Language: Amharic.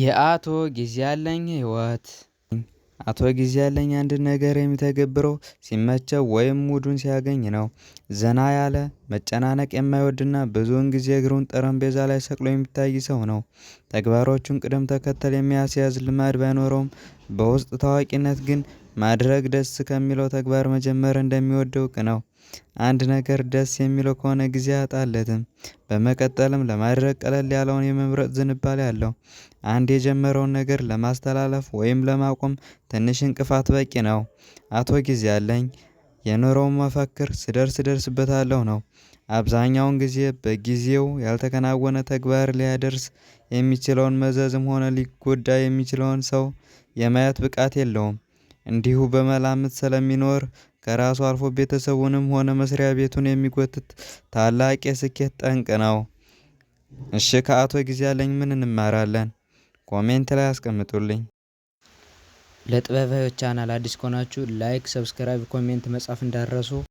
የአቶ ጊዜአለኝ ህይወት አቶ ጊዜአለኝ አንድ ነገር የሚተገብረው ሲመቸው ወይም ሙዱን ሲያገኝ ነው። ዘና ያለ መጨናነቅ የማይወድና ብዙውን ጊዜ እግሩን ጠረጴዛ ላይ ሰቅሎ የሚታይ ሰው ነው። ተግባሮቹን ቅደም ተከተል የሚያስያዝ ልማድ ባይኖረውም በውስጥ ታዋቂነት ግን ማድረግ ደስ ከሚለው ተግባር መጀመር እንደሚወድ እውቅ ነው። አንድ ነገር ደስ የሚለው ከሆነ ጊዜ አጣለትም። በመቀጠልም ለማድረግ ቀለል ያለውን የመምረጥ ዝንባሌ አለው። አንድ የጀመረውን ነገር ለማስተላለፍ ወይም ለማቆም ትንሽ እንቅፋት በቂ ነው። አቶ ጊዜ አለኝ የኖረውን መፈክር ስደርስ ደርስበታለሁ ነው። አብዛኛውን ጊዜ በጊዜው ያልተከናወነ ተግባር ሊያደርስ የሚችለውን መዘዝም ሆነ ሊጎዳ የሚችለውን ሰው የማየት ብቃት የለውም። እንዲሁ በመላምት ስለሚኖር ከራሱ አልፎ ቤተሰቡንም ሆነ መስሪያ ቤቱን የሚጎትት ታላቅ የስኬት ጠንቅ ነው። እሺ ከአቶ ጊዜአለኝ ምን እንማራለን? ኮሜንት ላይ አስቀምጡልኝ ለጥበበ ቻናል አዲስ ከሆናችሁ ላይክ፣ ሰብስክራይብ፣ ኮሜንት መጻፍ እንዳረሱ